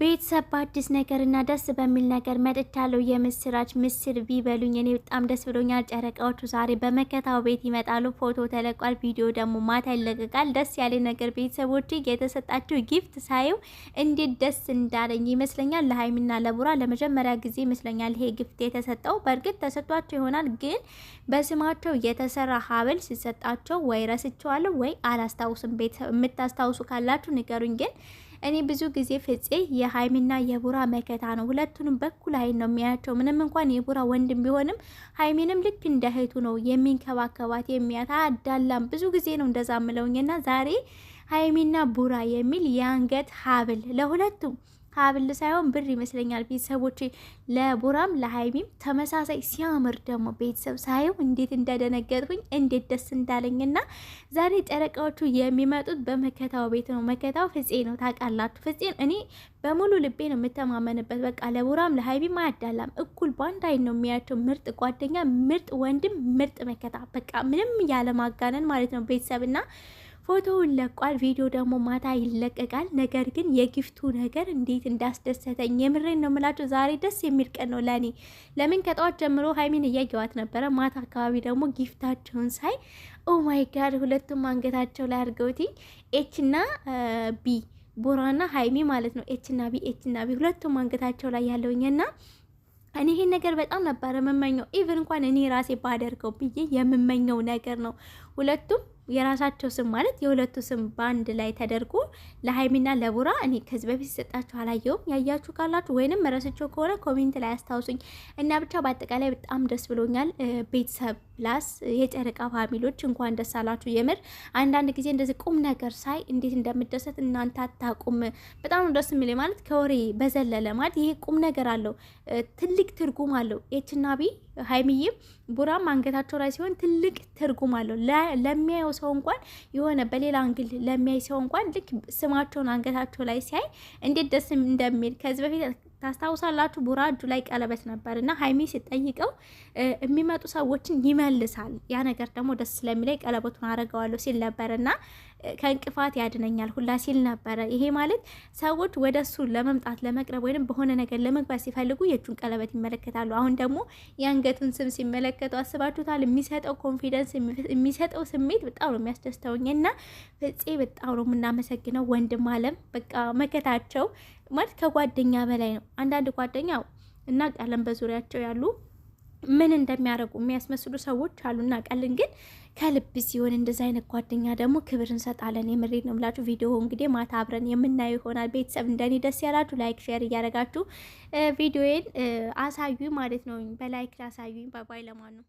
ቤተሰብ በአዲስ ነገር እና ደስ በሚል ነገር መጥቻለሁ። የምስራች ምስር ቢበሉኝ እኔ በጣም ደስ ብሎኛል። ጨረቃዎቹ ዛሬ በመከታው ቤት ይመጣሉ። ፎቶ ተለቋል፣ ቪዲዮ ደግሞ ማታ ይለቀቃል። ደስ ያለ ነገር ቤተሰቦች፣ የተሰጣቸው ጊፍት ሳየው እንዴት ደስ እንዳለኝ ይመስለኛል። ለሀይሚና ለቡራ ለመጀመሪያ ጊዜ ይመስለኛል ይሄ ጊፍት የተሰጠው። በእርግጥ ተሰጥቷቸው ይሆናል፣ ግን በስማቸው የተሰራ ሀብል ሲሰጣቸው ወይ ረስቸዋለሁ ወይ አላስታውስም። ቤተሰብ የምታስታውሱ ካላችሁ ንገሩኝ ግን እኔ ብዙ ጊዜ ፍፄ የሀይሚና የቡራ መከታ ነው። ሁለቱንም በኩል አይን ነው የሚያቸው። ምንም እንኳን የቡራ ወንድም ቢሆንም ሀይሚንም ልክ እንደ እህቱ ነው የሚንከባከባት የሚያታ አዳላም ብዙ ጊዜ ነው እንደዛ ምለውኝና ዛሬ ሀይሚና ቡራ የሚል የአንገት ሀብል ለሁለቱም ሀብል ሳይሆን ብር ይመስለኛል። ቤተሰቦች ለቡራም ለሀይሚም ተመሳሳይ ሲያምር ደግሞ ቤተሰብ ሳየው እንዴት እንደደነገጥኩኝ እንዴት ደስ እንዳለኝና ዛሬ ጨረቃዎቹ የሚመጡት በመከታው ቤት ነው። መከታው ፍፄ ነው ታውቃላችሁ። ፍፄን እኔ በሙሉ ልቤ ነው የምተማመንበት። በቃ ለቡራም ለሀይሚም አያዳላም። እኩል በአንድ አይን ነው የሚያቸው። ምርጥ ጓደኛ፣ ምርጥ ወንድም፣ ምርጥ መከታ። በቃ ምንም ያለማጋነን ማለት ነው ቤተሰብና ፎቶውን ለቋል። ቪዲዮ ደግሞ ማታ ይለቀቃል። ነገር ግን የጊፍቱ ነገር እንዴት እንዳስደሰተኝ የምሬን ነው የምላቸው። ዛሬ ደስ የሚል ቀን ነው ለእኔ። ለምን ከጠዋት ጀምሮ ሀይሚን እያየዋት ነበረ። ማታ አካባቢ ደግሞ ጊፍታቸውን ሳይ ኦ ማይ ጋድ፣ ሁለቱም አንገታቸው ላይ አድርገውትኝ ኤችና ቢ ቦራና ሀይሚ ማለት ነው። ኤችና ቢ ኤችና ቢ ሁለቱም አንገታቸው ላይ ያለውኝና እኔ ይሄን ነገር በጣም ነበረ የምመኘው። ኢቨን እንኳን እኔ ራሴ ባደርገው ብዬ የምመኘው ነገር ነው። ሁለቱም የራሳቸው ስም ማለት የሁለቱ ስም በአንድ ላይ ተደርጎ ለሀይሚና ለቡራ እኔ ከዚህ በፊት ሰጣችሁ አላየውም። ያያችሁ ካላችሁ ወይንም ረስቸው ከሆነ ኮሜንት ላይ አስታውሱኝ እና ብቻ በአጠቃላይ በጣም ደስ ብሎኛል። ቤተሰብ ፕላስ የጨረቃ ፋሚሎች እንኳን ደስ አላችሁ። የምር አንዳንድ ጊዜ እንደዚህ ቁም ነገር ሳይ እንዴት እንደምደሰት እናንተ አታቁም። በጣም ደስ የሚል ማለት ከወሬ በዘለለ ማለት ይሄ ቁም ነገር አለው፣ ትልቅ ትርጉም አለው ኤችናቢ ሀይሚዬም ቡራም አንገታቸው ላይ ሲሆን ትልቅ ትርጉም አለው። ለሚያየው ሰው እንኳን የሆነ በሌላ አንግል ለሚያይ ሰው እንኳን ልክ ስማቸውን አንገታቸው ላይ ሲያይ እንዴት ደስ እንደሚል ከዚህ በፊት ታስታውሳላችሁ ቡራ እጁ ላይ ቀለበት ነበር እና ሀይሚ ሲጠይቀው የሚመጡ ሰዎችን ይመልሳል። ያ ነገር ደግሞ ደስ ስለሚለኝ ቀለበቱን አረገዋለሁ ሲል ነበር እና ከእንቅፋት ያድነኛል ሁላ ሲል ነበረ። ይሄ ማለት ሰዎች ወደ እሱ ለመምጣት ለመቅረብ፣ ወይም በሆነ ነገር ለመግባት ሲፈልጉ የእጁን ቀለበት ይመለከታሉ። አሁን ደግሞ የአንገቱን ስም ሲመለከቱ አስባችሁታል? የሚሰጠው ኮንፊደንስ፣ የሚሰጠው ስሜት በጣም ነው የሚያስደስተውኝ እና ፍፄ በጣም ነው የምናመሰግነው ወንድም አለም በቃ መከታቸው ማለት ከጓደኛ በላይ ነው። አንዳንድ ጓደኛ እናውቃለን፣ በዙሪያቸው ያሉ ምን እንደሚያደርጉ የሚያስመስሉ ሰዎች አሉ፣ እናውቃለን። ግን ከልብ ሲሆን እንደዚ አይነት ጓደኛ ደግሞ ክብር እንሰጣለን። የምሬድ ነው የምላችሁ። ቪዲዮ እንግዲህ ማታ አብረን የምናየው ይሆናል። ቤተሰብ እንደኔ ደስ ያላችሁ ላይክ፣ ሼር እያደረጋችሁ ቪዲዮዬን አሳዩ ማለት ነው። በላይክ አሳዩኝ። ባባይ ለማን ነው